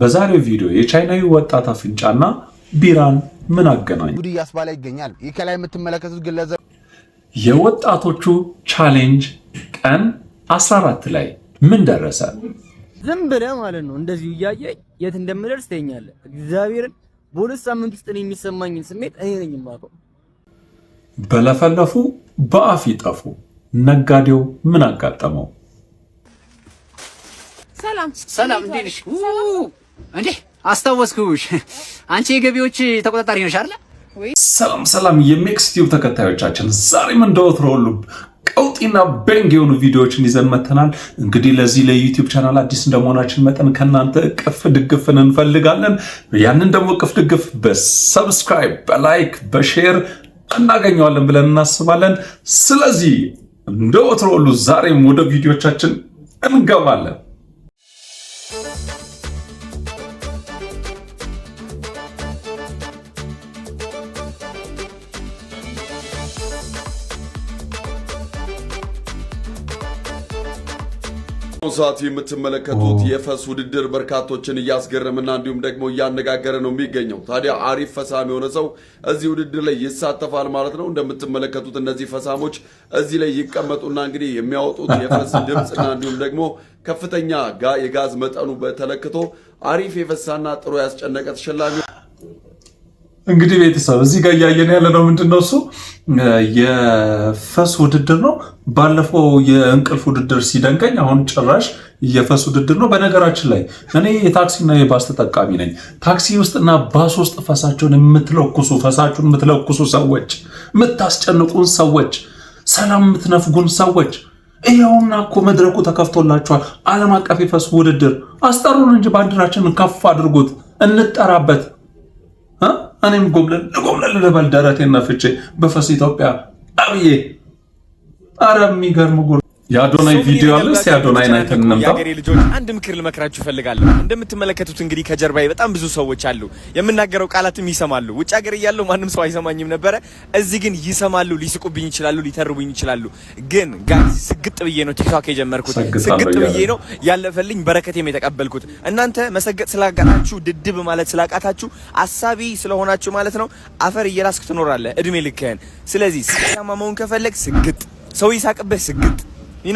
በዛሬው ቪዲዮ የቻይናዊ ወጣት አፍንጫና ቢራን ምን አገናኝ? ጉድ እያስባለ ይገኛል። ይህ ከላይ የምትመለከቱት ግለሰብ የወጣቶቹ ቻሌንጅ ቀን 14 ላይ ምን ደረሰ? ዝም ብለ ማለት ነው እንደዚሁ እያየኝ የት እንደምደርስ ተኛለ። እግዚአብሔርን በሁለት ሳምንት ውስጥ እኔ የሚሰማኝን ስሜት እኔ ነኝ የማውቀው። በለፈለፉ በአፍ ይጠፉ። ነጋዴው ምን አጋጠመው? ሰላም ሰላም፣ እንዴት ነሽ? እንዴ አስታወስኩሽ። አንቺ የገቢዎች ተቆጣጣሪ ነሽ አይደል? ሰላም ሰላም የሜክስ ቲዩብ ተከታዮቻችን፣ ዛሬም እንደወትሮ ሁሉ ቀውጢና ቤንግ የሆኑ ቪዲዮዎችን ይዘን መተናል። እንግዲህ ለዚህ ለዩቲዩብ ቻናል አዲስ እንደመሆናችን መጠን ከእናንተ ቅፍ ድግፍን እንፈልጋለን። ያንን ደግሞ ቅፍ ድግፍ በሰብስክራይብ በላይክ በሼር እናገኘዋለን ብለን እናስባለን። ስለዚህ እንደወትሮ ሁሉ ዛሬም ወደ ቪዲዮቻችን እንገባለን። ሰዓት የምትመለከቱት የፈስ ውድድር በርካቶችን እያስገረምና እንዲሁም ደግሞ እያነጋገረ ነው የሚገኘው። ታዲያ አሪፍ ፈሳም የሆነ ሰው እዚህ ውድድር ላይ ይሳተፋል ማለት ነው። እንደምትመለከቱት እነዚህ ፈሳሞች እዚህ ላይ ይቀመጡና እንግዲህ የሚያወጡት የፈስ ድምፅና እንዲሁም ደግሞ ከፍተኛ የጋዝ መጠኑ በተለክቶ አሪፍ የፈሳና ጥሩ ያስጨነቀ ተሸላሚ እንግዲህ ቤተሰብ እዚህ ጋር እያየን ያለ ነው ምንድን ነው እሱ የፈስ ውድድር ነው። ባለፈው የእንቅልፍ ውድድር ሲደንቀኝ አሁን ጭራሽ የፈስ ውድድር ነው። በነገራችን ላይ እኔ የታክሲና የባስ ተጠቃሚ ነኝ። ታክሲ ውስጥና ባስ ውስጥ ፈሳቸውን የምትለኩሱ ፈሳችሁን የምትለኩሱ ሰዎች፣ የምታስጨንቁን ሰዎች፣ ሰላም የምትነፍጉን ሰዎች ይኸውና እኮ መድረኩ ተከፍቶላችኋል። ዓለም አቀፍ የፈስ ውድድር አስጠሩን እንጂ ባንዲራችንን ከፍ አድርጉት እንጠራበት። እኔም ጎምለል ጎምለል ልበል ደረቴን ፍቼ በፈስ ኢትዮጵያ አብዬ። አረ የሚገርም ጉር የአዶናይ ቪዲዮ አለስ እስኪ አዶናይን አይተን እንምጣ። የአገሬ ልጆች አንድ ምክር ልመክራችሁ እፈልጋለሁ። እንደምትመለከቱት እንግዲህ ከጀርባዬ በጣም ብዙ ሰዎች አሉ። የምናገረው ቃላትም ይሰማሉ። ውጭ ሀገር እያለሁ ማንም ሰው አይሰማኝም ነበረ። እዚህ ግን ይሰማሉ። ሊስቁብኝ ይችላሉ፣ ሊተርቡኝ ይችላሉ። ግን ጋር ስግጥ ብዬ ነው ቲክቶክ የጀመርኩት። ስግጥ ብዬ ነው ያለፈልኝ በረከቴም የተቀበልኩት። እናንተ መሰገጥ ስላቃታችሁ፣ ድድብ ማለት ስላቃታችሁ፣ አሳቢ ስለሆናችሁ ማለት ነው አፈር እየላስክ ትኖራለህ እድሜ ልክህን። ስለዚህ ስኬታማ መሆን ከፈለግ ስግጥ፣ ሰው ይሳቅብህ፣ ስግጥ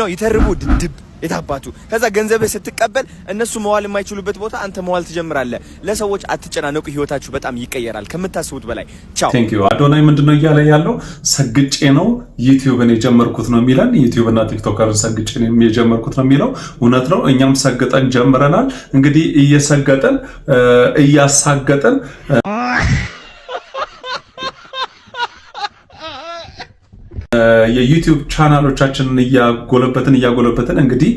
ነው ይተርቡ ድድብ የታባችሁ ከዛ ገንዘብህ ስትቀበል እነሱ መዋል የማይችሉበት ቦታ አንተ መዋል ትጀምራለህ። ለሰዎች አትጨናነቁ፣ ህይወታችሁ በጣም ይቀየራል ከምታስቡት በላይ። ቻው ቴንክ ዩ። አዶናይ ምንድነው እያለ ያለው? ሰግጬ ነው ዩቲዩብን የጀመርኩት ነው የሚለን። ዩቲዩብና ቲክቶከርን ሰግጬ የጀመርኩት ነው የሚለው እውነት ነው። እኛም ሰግጠን ጀምረናል። እንግዲህ እየሰገጠን እያሳገጠን የዩቲዩብ ቻናሎቻችንን እያጎለበትን እያጎለበትን እንግዲህ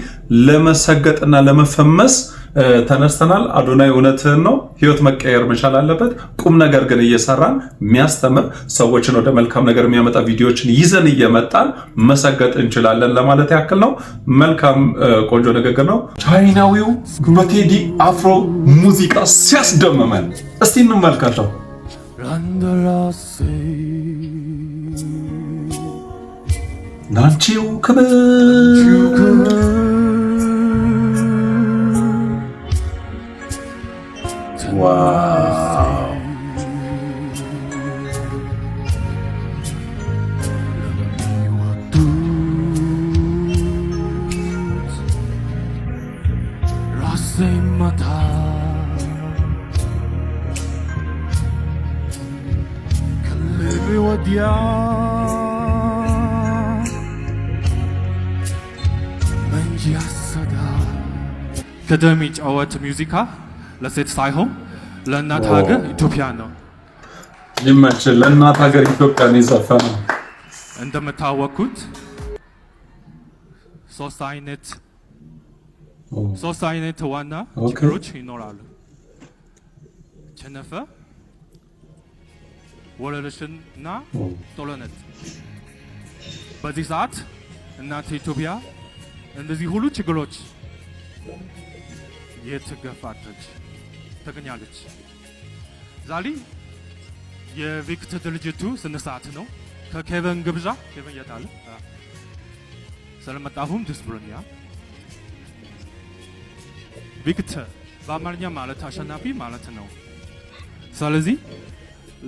ለመሰገጥና ለመፈመስ ተነስተናል። አዶናይ እውነትህን ነው። ህይወት መቀየር መቻል አለበት። ቁም ነገር ግን እየሰራን የሚያስተምር ሰዎችን ወደ መልካም ነገር የሚያመጣ ቪዲዮዎችን ይዘን እየመጣን መሰገጥ እንችላለን ለማለት ያክል ነው። መልካም ቆንጆ ንግግር ነው። ቻይናዊው በቴዲ አፍሮ ሙዚቃ ሲያስደምመን እስቲ እንመልከተው። 널 지우금은, 지우금은 와 ከደም የሚጫወት ሙዚቃ ለሴት ሳይሆን ለእናት ሀገር ኢትዮጵያ ነው። ይመች ለእናት ሀገር ኢትዮጵያ ነው የዘፈነው። እንደምታወቁት ሶስት አይነት ሶስት አይነት ዋና ችግሮች ይኖራሉ። ቸነፈር፣ እና ጦርነት። በዚህ ሰዓት እናት ኢትዮጵያ እነዚህ ሁሉ ችግሮች የተገፋች ተገኛለች። ዛሬ የቪክት ድርጅቱ ስነስርዓት ነው። ከኬቨን ግብዣ ኬቨን የታለ ስለመጣሁም ደስ ብሎኛል። ቪክተር በአማርኛ ማለት አሸናፊ ማለት ነው። ስለዚህ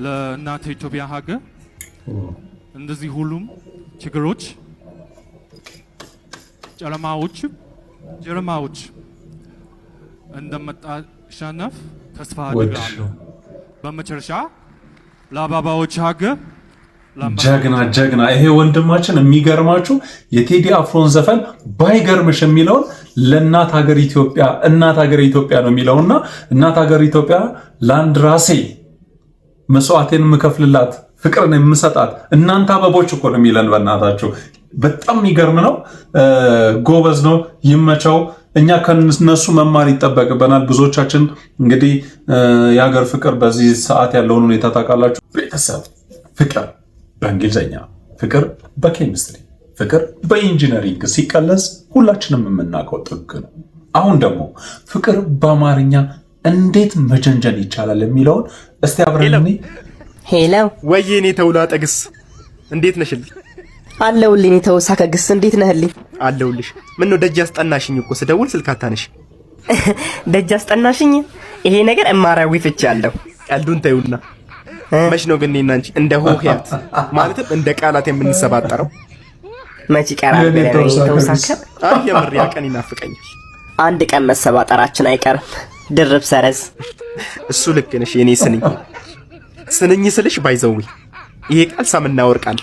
ለእናተ ኢትዮጵያ ሀገር እንደዚህ ሁሉም ችግሮች ጨለማዎች ጀርማዎች እንደምታሸንፍ ተስፋ አድርጋለሁ። በመጨረሻ ለአበባዎች ሀገር ጀግና ጀግና። ይሄ ወንድማችን የሚገርማችሁ የቴዲ አፍሮን ዘፈን ባይገርምሽ የሚለውን ለእናት ሀገር ኢትዮጵያ እናት ሀገር ኢትዮጵያ ነው የሚለውና እናት ሀገር ኢትዮጵያ ለአንድ ራሴ መስዋዕቴን የምከፍልላት ፍቅርን የምሰጣት እናንተ አበቦች እኮ ነው የሚለን። በእናታችሁ በጣም የሚገርም ነው። ጎበዝ ነው። ይመቸው። እኛ ከነሱ መማር ይጠበቅበናል። ብዙዎቻችን እንግዲህ የሀገር ፍቅር በዚህ ሰዓት ያለውን ሁኔታ ታውቃላችሁ። ቤተሰብ ፍቅር በእንግሊዝኛ ፍቅር በኬሚስትሪ ፍቅር በኢንጂነሪንግ ሲቀለስ ሁላችንም የምናውቀው ጥግ ነው። አሁን ደግሞ ፍቅር በአማርኛ እንዴት መጀንጀን ይቻላል የሚለውን እስቲ አብረን ሄለው ወይኔ ተውላ ጠግስ እንዴት ነሽል አለውልኝ የተወሳከ ግስ እንዴት ነህልኝ? አለውልሽ። ምን ነው ደጅ አስጠናሽኝ እኮ ስደውል ስልክ አታነሽ። ደጅ አስጠናሽኝ። ይሄ ነገር እማራዊ ፍቺ አለው። ቀልዱን ተይውና መች ነው ግን እኔና አንቺ እንደ ሆሄያት ማለትም እንደ ቃላት የምንሰባጠረው? መች ይቀራል ተወሳከ። አይ የምር ቀን ይናፍቀኛል። አንድ ቀን መሰባጠራችን አይቀርም። ድርብ ሰረዝ። እሱ ልክ ነሽ። የኔ ስንኝ ስንኝ ስልሽ ባይዘዊ ይሄ ቃል ሳምና ወርቃል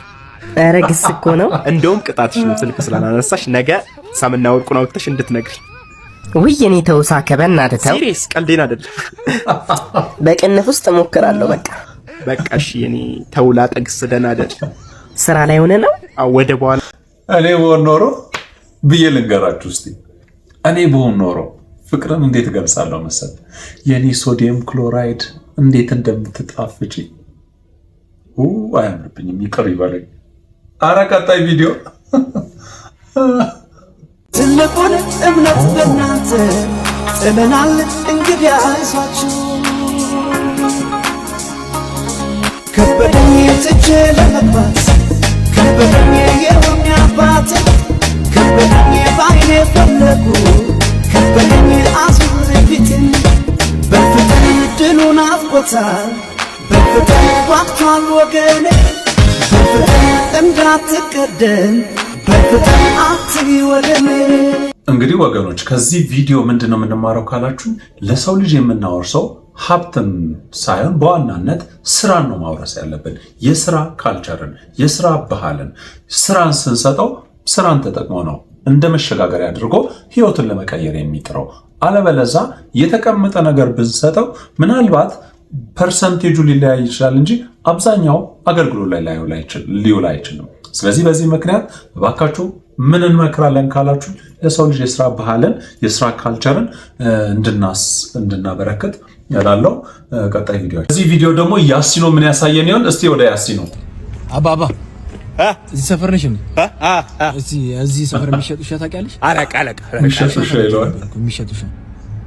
ኧረ ግስ እኮ ነው። እንደውም ቅጣትሽ ነው ስልክ ስላላነሳሽ ነገ ሳምና ወርቁን አውጥተሽ እንድትነግሪ። ውይ እኔ ተውሳ ከበና ተው። ሲሪየስ ቀልዴን አይደለም። በቅንፍ ውስጥ እሞክራለሁ። በቃ በቃ እሺ። እኔ ተውላ ጠግስ ደህና አይደል? ስራ ላይ ሆነ ነው ወደ በኋላ እኔ በሆን ኖሮ ብዬ ልንገራችሁ እስኪ። እኔ በሆን ኖሮ ፍቅርን እንዴት እገልጻለሁ መሰል የእኔ ሶዲየም ክሎራይድ እንዴት እንደምትጣፍጪ አያምርብኝም። ይቅር ይበለኝ። አረ ቀጣይ ቪዲዮ ትልቁን እምነት በእናንተ ጥለናል። እንግዲህ አይዟችሁ ከበደኝ ትቼ ለመግባት ከበደኝ የሆኛ አባት ከበደኝ ባይኔ ፈለጉ ከበደኝ አዙር ፊትን በፍጥን ድሉን አፍቆታል በፍጥን ዋቅቷል ወገኔ እንግዲህ ወገኖች ከዚህ ቪዲዮ ምንድን ነው የምንማረው ካላችሁ ለሰው ልጅ የምናወርሰው ሀብትን ሳይሆን በዋናነት ስራን ነው ማውረስ ያለብን። የስራ ካልቸርን፣ የስራ ባህልን፣ ስራን ስንሰጠው ስራን ተጠቅሞ ነው እንደ መሸጋገሪያ አድርጎ ህይወትን ለመቀየር የሚጥረው። አለበለዛ የተቀመጠ ነገር ብንሰጠው ምናልባት ፐርሰንቴጁ ሊለያይ ይችላል እንጂ አብዛኛው አገልግሎት ላይ ሊውል አይችልም። ስለዚህ በዚህ ምክንያት እባካችሁ ምን እንመክራለን ካላችሁ ለሰው ልጅ የስራ ባህልን የስራ ካልቸርን እንድናበረክት ያላለው ቀጣይ ቪዲዮ። እዚህ ቪዲዮ ደግሞ ያሲኖ ምን ያሳየን ይሆን? እስቲ ወደ ያሲኖ አባባ እዚህ ሰፈር ነሽ እንዴ? እዚህ ሰፈር የሚሸጡ ሻ ታውቂያለሽ? አለቃ የሚሸጡ ሻ ይለዋል የሚሸጡ ሻ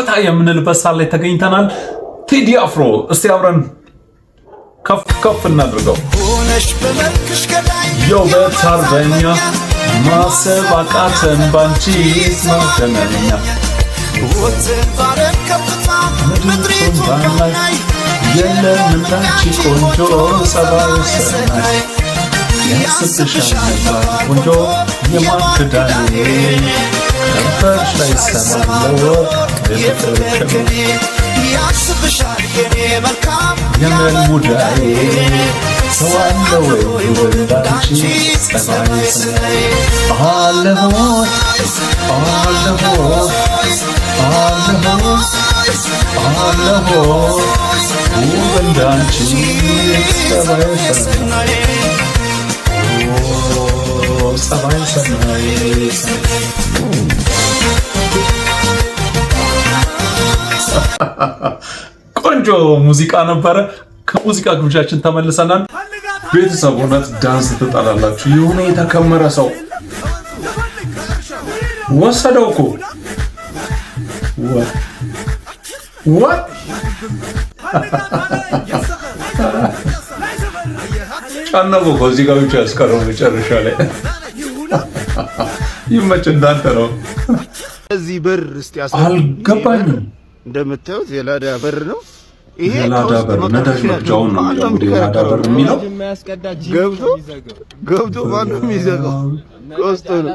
ፈታ የምንልበት ሰዓት ላይ ተገኝተናል። ቴዲ አፍሮ እስቲ አብረን ከፍ ከፍ እናድርገው። የውበት አርበኛ ማሰብ አቃተን ባንቺ ስማደመኛ ምድሪቱን ባናይ የለም እንዳንቺ ቆንጆ ጸባይ የማን ክዳኔ ከንፈርሽ ላይ ሰማለው የምን ጉዳይ ሰዋለው ጉዳች ጠማይስነይ አለሆይ አለሆይ ጸባይ ሰናይ ጸባይ ሰናይ ቆንጆ ሙዚቃ ነበረ። ከሙዚቃ ግብዣችን ተመልሰናል። ቤተሰብ እውነት ዳንስ ትጠላላችሁ? የሆነ የተከመረ ሰው ወሰደው እኮ ጫነቦ ከዚህ ጋር ብቻ ያስቀረው መጨረሻ ላይ ይመች እንዳንተ ነው። እዚህ ብር አልገባኝም። እንደምታዩት የላዳ በር ነው። ይሄ በር ነዳጅ መቅጃው ነው የላዳ በር የሚለው ገብቶ ገብቶ ማንም ይዘጋው ከውስጥ ነው።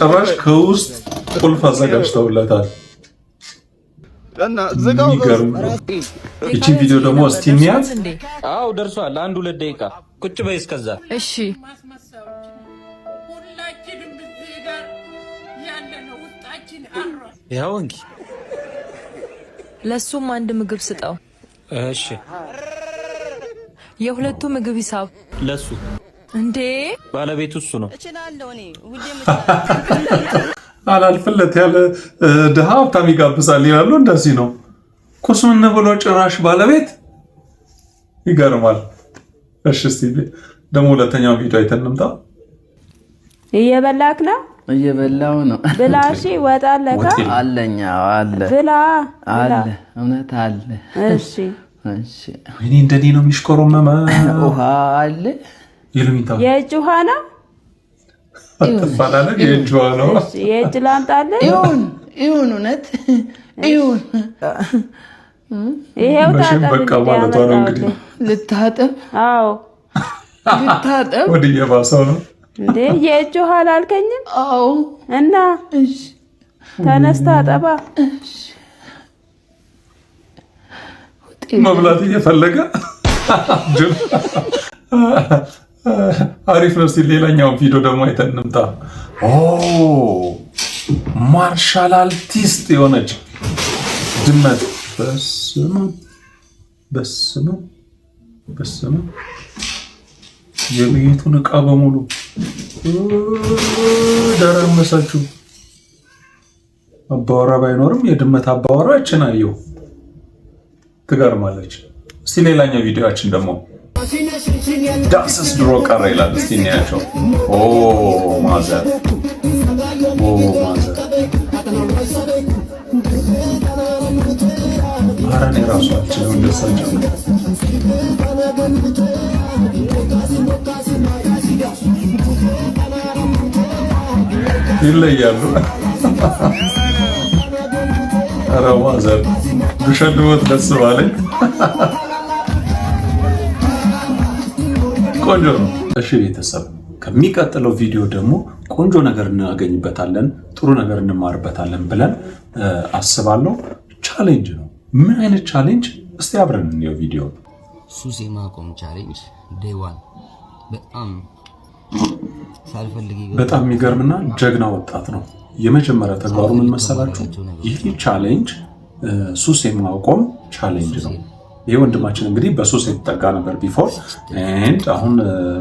ጭራሽ ከውስጥ ቁልፍ አዘጋጅተውለታል። ይቺን ቪዲዮ ደግሞ እስቲ ሚያት። አዎ ደርሷል። አንድ ሁለት ደቂቃ ቁጭ በይ እስከዛ። እሺ ያው እንግዲህ ለሱም አንድ ምግብ ስጠው። እሺ። የሁለቱ ምግብ ሂሳብ ለሱ እንዴ? ባለቤቱ እሱ ነው። አላልፍለት ያለ ድሃ ሀብታም ይጋብዛል ይላሉ። እንደዚህ ነው። ቁስምን ብሎ ጭራሽ ባለቤት ይገርማል። እሺ፣ ደግሞ ሁለተኛው ቪዲዮ አይተንምታ እየበላክ ነው እየበላው ነው ብላ። ወጣለካ አለኛ አለ ብላ አለ። እውነት አለ። እሺ እሺ። እኔ እንደኔ ነው የሚሽኮረመመ። ውሃ አለ። የእጅ ውሃ ነው። የእጅ ላምጣልህ። ይሁን ይሁን። እውነት ይሁን። ይሄው እንግዲህ ልታጠብ። አዎ ልታጠብ። ወደ የባሰው ነው እንዴ የእጅ ውሃ አላልከኝም? አዎ። እና ተነስታ አጠባ መብላት እየፈለገ አሪፍ ነው ሲል ሌላኛውን ቪዲዮ ደግሞ አይተን እንምጣ። ማርሻል አርቲስት የሆነች ድመት በስመ በስመ በስመ የቤቱን ዕቃ በሙሉ ደረመሳችሁ። አባወራ ባይኖርም የድመት አባወራችን አየሁ። ትገርማለች። እስቲ ሌላኛው ቪዲዮችን ደግሞ ዳስስ ድሮ ቀረ ይላል። እስቲ እናያቸው። ኦ ማዘር፣ ኦ ማዘር። ይለያሉ። ኧረ ማዘር ብሸልሞት ደስ ባለኝ። ቆንጆ ነው። እሺ ቤተሰብ ከሚቀጥለው ቪዲዮ ደግሞ ቆንጆ ነገር እናገኝበታለን፣ ጥሩ ነገር እንማርበታለን ብለን አስባለሁ። ቻሌንጅ ነው። ምን አይነት ቻሌንጅ? እስቲ አብረን እንየው ቪዲዮ ሱስ የማቆም ቻሌንጅ በጣም በጣም የሚገርምና ጀግና ወጣት ነው። የመጀመሪያ ተግባሩ ምን መሰላችሁ? ይህ ቻሌንጅ ሱስ የማቆም ቻሌንጅ ነው። ይህ ወንድማችን እንግዲህ በሱስ የተጠጋ ነበር ቢፎር ኤንድ አሁን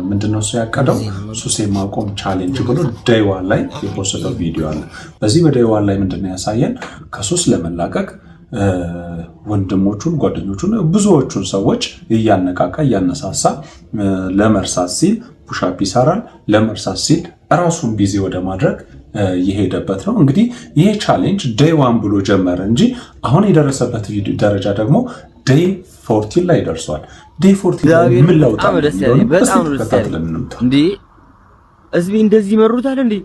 ምንድነው እሱ ያቀደው ሱስ የማቆም ቻሌንጅ ብሎ ደይዋን ላይ የፖስተው ቪዲዮ አለ። በዚህ በደይዋን ላይ ምንድነው ያሳየን ከሱስ ለመላቀቅ ወንድሞቹን፣ ጓደኞቹን፣ ብዙዎቹን ሰዎች እያነቃቃ እያነሳሳ ለመርሳት ሲል ፑሻፕ ይሰራል ለመርሳት ሲል ራሱን ቢዚ ወደ ማድረግ የሄደበት ነው። እንግዲህ ይሄ ቻሌንጅ ዴይ ዋን ብሎ ጀመረ እንጂ አሁን የደረሰበት ደረጃ ደግሞ ዴይ ፎርቲን ላይ ደርሷል። ዴይ ፎርቲን ላይ ምን እንደዚህ መሩታል እንዴ?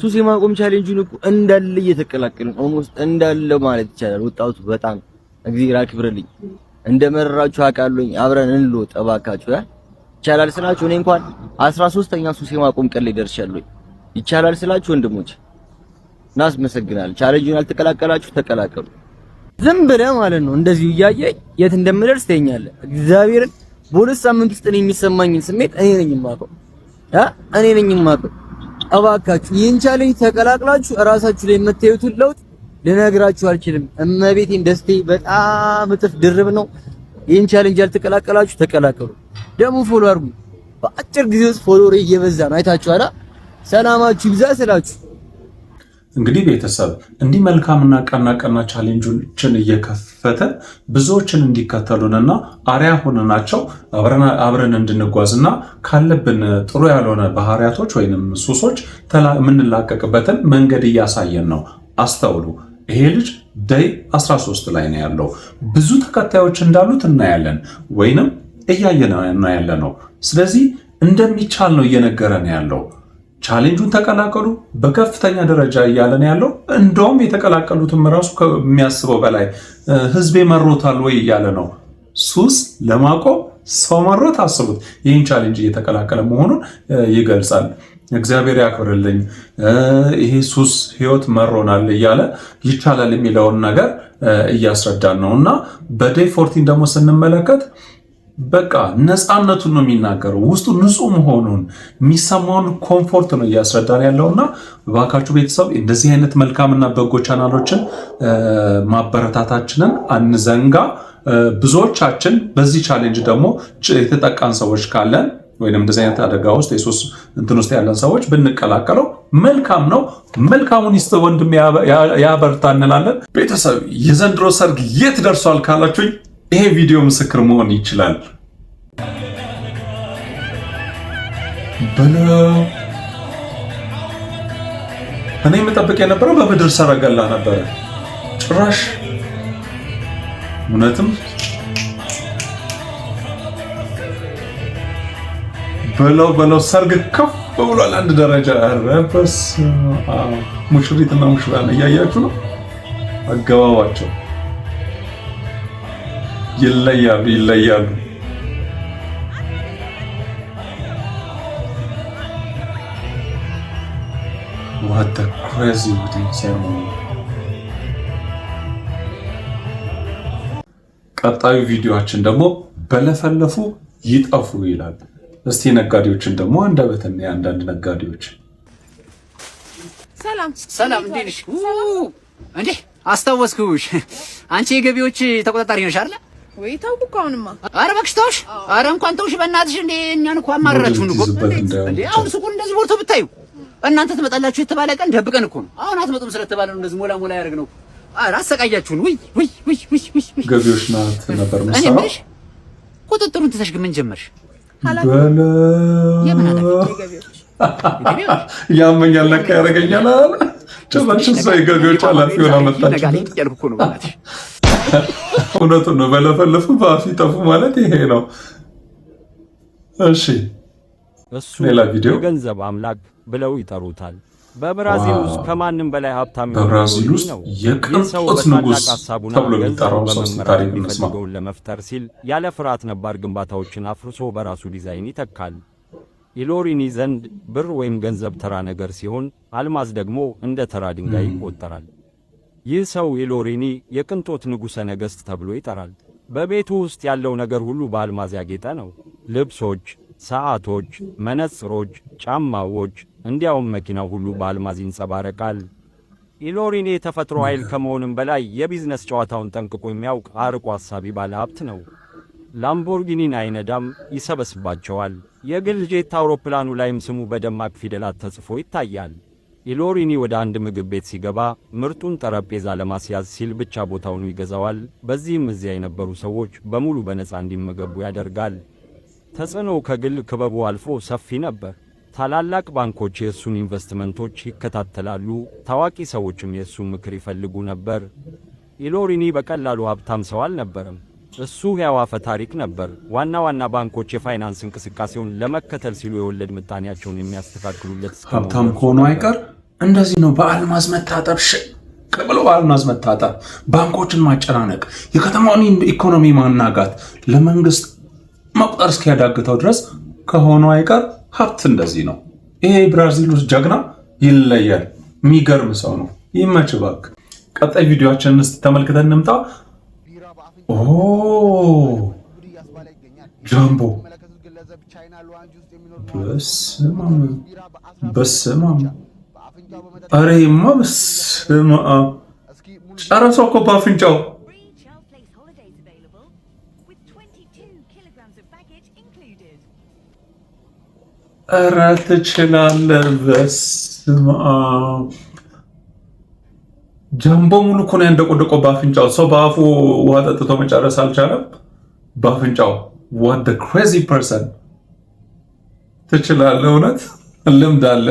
ሱስ የማቆም ቻሌንጁን እኮ እንዳለ እየተቀላቀለ ኦልሞስት እንዳለ ማለት ይቻላል። ወጣቱ በጣም እግዚአብሔር አክብርልኝ እንደመረራችሁ አውቃለሁኝ። አብረን እንሎ ጠባካችሁ ይቻላል ስላችሁ እኔ እንኳን አስራ ሶስተኛ ሱሴ ማቆም ቀን ላይ ደርሻለሁ። ይቻላል ስላችሁ ወንድሞች እናስመሰግናለን። ቻሌንጁን አልተቀላቀላችሁ ተቀላቀሉ። ዝም ብለህ ማለት ነው እንደዚሁ እያየህ የት እንደምደርስ ትኛለህ። እግዚአብሔርን በሁለት ሳምንት ውስጥ እኔ የሚሰማኝን ስሜት እኔ ነኝ የማውቀው እ እኔ ነኝ የማውቀው። እባካችሁ ይህን ቻሌንጅ ተቀላቅላችሁ እራሳችሁ ላይ የምታዩትን ለውጥ ልነግራችሁ አልችልም። እመቤቴን ደስቴ በጣም እጥፍ ድርብ ነው። ይህን ቻሌንጅ ያልተቀላቀላችሁ ተቀላቀሉ። ደግሞ ፎሎ አድርጉ። በአጭር ጊዜ ውስጥ ፎሎወር እየበዛ ነው። አይታችሁ አላ ሰላማችሁ ይብዛ ስላችሁ እንግዲህ ቤተሰብ እንዲህ መልካምና ቀና ቀና ቻሌንጆችን እየከፈተ ብዙዎችን እንዲከተሉንና አሪያ ሆነናቸው አብረን እንድንጓዝና ካለብን ጥሩ ያልሆነ ባህሪያቶች ወይንም ሱሶች የምንላቀቅበትን መንገድ እያሳየን ነው። አስተውሉ። ይሄ ልጅ ደይ 13 ላይ ነው ያለው። ብዙ ተከታዮች እንዳሉት እናያለን ወይንም እያየና ያለ ነው። ስለዚህ እንደሚቻል ነው እየነገረን ያለው። ቻሌንጁን ተቀላቀሉ በከፍተኛ ደረጃ እያለን ያለው እንደውም የተቀላቀሉትም ራሱ ከሚያስበው በላይ ህዝቤ መሮታል ወይ እያለ ነው። ሱስ ለማቆም ሰው መሮት አስቡት። ይህን ቻሌንጅ እየተቀላቀለ መሆኑን ይገልጻል። እግዚአብሔር ያክብርልኝ። ይሄ ሱስ ህይወት መሮናል እያለ ይቻላል የሚለውን ነገር እያስረዳን ነው እና በዴይ ፎርቲን ደግሞ ስንመለከት በቃ ነፃነቱን ነው የሚናገረው። ውስጡ ንጹህ መሆኑን የሚሰማውን ኮምፎርት ነው እያስረዳን ያለው እና እባካችሁ ቤተሰብ እንደዚህ አይነት መልካምና በጎ ቻናሎችን ማበረታታችንን አንዘንጋ። ብዙዎቻችን በዚህ ቻሌንጅ ደግሞ የተጠቃን ሰዎች ካለን ወይም እንደዚህ አይነት አደጋ ውስጥ የሶስት እንትን ውስጥ ያለን ሰዎች ብንቀላቀለው መልካም ነው። መልካሙን ይስጥ ወንድም ያበርታ እንላለን። ቤተሰብ የዘንድሮ ሰርግ የት ደርሷል ካላችሁኝ ይሄ ቪዲዮ ምስክር መሆን ይችላል። እኔ የምጠብቅ የነበረው በምድር ሰረገላ ነበረ። ጭራሽ እውነትም በለው በለው ሰርግ ከፍ ብሏል። አንድ ደረጃ ረበስ ሙሽሪትና ሙሽራን እያያችሁ ነው አገባባቸው ይለያሉ ይለያሉ። ዋት ክሬዚ ሴርሞኒ። ቀጣዩ ቪዲዮችን ደግሞ በለፈለፉ ይጠፉ ይላል። እስቲ ነጋዴዎችን ደግሞ አንደበትን የአንዳንድ ነጋዴዎች ሰላም ሰላም፣ እንዴት ነሽ? እንዴ አስታወስኩሽ። አንቺ የገቢዎች ተቆጣጣሪ ነሽ አይደል? ወይ ተው እኮ አሁንማ፣ ኧረ እባክሽ ተውሽ! ኧረ እንኳን ተውሽ በእናትሽ። እንደ እኛን እኮ አማራችሁን እኮ አሁን ሱቁን እንደዚህ ቦርቶ ብታዩ እናንተ ትመጣላችሁ የተባለ ቀን ደብቀን እኮ ነው። አሁን አትመጡም ስለተባለ ነው እንደዚህ ሞላ ሞላ ያደረግነው። ኧረ አሰቃያችሁን! ውይ ውይ ውይ ውይ ውይ! ገቢዎች ናት ነበር መሰለኝ። እኔ ቁጥጥሩን ትተሽ ግን ምን ጀመርሽ? ያመኛል ነካ ያደርገኛል። ጭራሽ እሷ የገቢዎች ኃላፊ ሆና መጣች። እውነቱ ነው። በለፈለፉ በአፍ ይጠፉ ማለት ይሄ ነው። እሺ እሱ ሌላ ቪዲዮ የገንዘብ አምላክ ብለው ይጠሩታል። በብራዚል ውስጥ ከማንም በላይ ሀብታም በብራዚል ውስጥ የቅንጦት ንጉሥ ተብሎ የሚጠራው ሰው ታሪክ የሚፈልገውን ለመፍጠር ሲል ያለ ፍርሃት ነባር ግንባታዎችን አፍርሶ በራሱ ዲዛይን ይተካል። ኢሎሪኒ ዘንድ ብር ወይም ገንዘብ ተራ ነገር ሲሆን፣ አልማዝ ደግሞ እንደ ተራ ድንጋይ ይቆጠራል። ይህ ሰው የሎሬኒ የቅንጦት ንጉሠ ነገሥት ተብሎ ይጠራል። በቤቱ ውስጥ ያለው ነገር ሁሉ በአልማዝ ያጌጠ ነው። ልብሶች፣ ሰዓቶች፣ መነጽሮች፣ ጫማዎች እንዲያውም መኪናው ሁሉ በአልማዝ ይንጸባረቃል። ኢሎሪኒ የተፈጥሮ ኃይል ከመሆንም በላይ የቢዝነስ ጨዋታውን ጠንቅቆ የሚያውቅ አርቆ አሳቢ ባለሀብት ነው። ላምቦርጊኒን አይነዳም፣ ይሰበስባቸዋል። የግል ጄት አውሮፕላኑ ላይም ስሙ በደማቅ ፊደላት ተጽፎ ይታያል። ኢሎሪኒ ወደ አንድ ምግብ ቤት ሲገባ ምርጡን ጠረጴዛ ለማስያዝ ሲል ብቻ ቦታውን ይገዛዋል። በዚህም እዚያ የነበሩ ሰዎች በሙሉ በነፃ እንዲመገቡ ያደርጋል። ተጽዕኖው ከግል ክበቡ አልፎ ሰፊ ነበር። ታላላቅ ባንኮች የእሱን ኢንቨስትመንቶች ይከታተላሉ፣ ታዋቂ ሰዎችም የእሱን ምክር ይፈልጉ ነበር። ኢሎሪኒ በቀላሉ ሀብታም ሰው አልነበረም። እሱ ያዋፈ ታሪክ ነበር። ዋና ዋና ባንኮች የፋይናንስ እንቅስቃሴውን ለመከተል ሲሉ የወለድ ምጣኔያቸውን የሚያስተካክሉለት ሀብታም ከሆኑ አይቀር እንደዚህ ነው። በአልማዝ መታጠብ ቀብሎ በአልማዝ መታጠብ፣ ባንኮችን ማጨናነቅ፣ የከተማውን ኢኮኖሚ ማናጋት፣ ለመንግስት መቁጠር እስኪያዳግተው ድረስ ከሆኑ አይቀር ሀብት እንደዚህ ነው። ይሄ ብራዚል ውስጥ ጀግና ይለያል። የሚገርም ሰው ነው። ይመች ባክ። ቀጣይ ቪዲዮችን ተመልክተን እንምጣ። ኦ ጃምቦ በስመ አብ ኧረ ይሄማ በስመ አብ ጨረሰው እኮ በአፍንጫው። ኧረ ትችላለህ። በስመ አብ ጀምቦ ሙሉ እኮ ነው ያንደቆደቆው በአፍንጫው። ሰው በአፉ ውሃ ጠጥቶ መጨረስ አልቻለም በአፍንጫው። ዋት ደ ክሬዚ ፐርሰን። ትችላለህ፣ እውነት ልምድ አለ።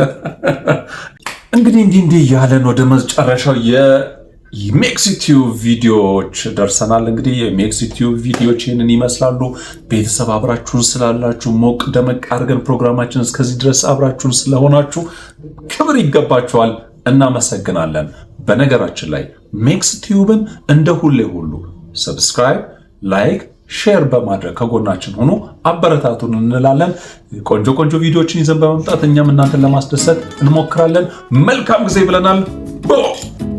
እንግዲህ እንዲህ እንዲህ እያለን ወደ መጨረሻው የሜክሲቲዩ ቪዲዮዎች ደርሰናል። እንግዲህ የሜክሲቲዩ ቪዲዮዎች ይህንን ይመስላሉ። ቤተሰብ አብራችሁን ስላላችሁ ሞቅ ደመቅ አድርገን ፕሮግራማችን እስከዚህ ድረስ አብራችሁን ስለሆናችሁ ክብር ይገባችኋል። እናመሰግናለን። በነገራችን ላይ ሜክስ ቲዩብን እንደ ሁሌ ሁሉ ሰብስክራይብ፣ ላይክ፣ ሼር በማድረግ ከጎናችን ሆኖ አበረታቱን እንላለን። ቆንጆ ቆንጆ ቪዲዮዎችን ይዘን በመምጣት እኛም እናንተን ለማስደሰት እንሞክራለን። መልካም ጊዜ ብለናል።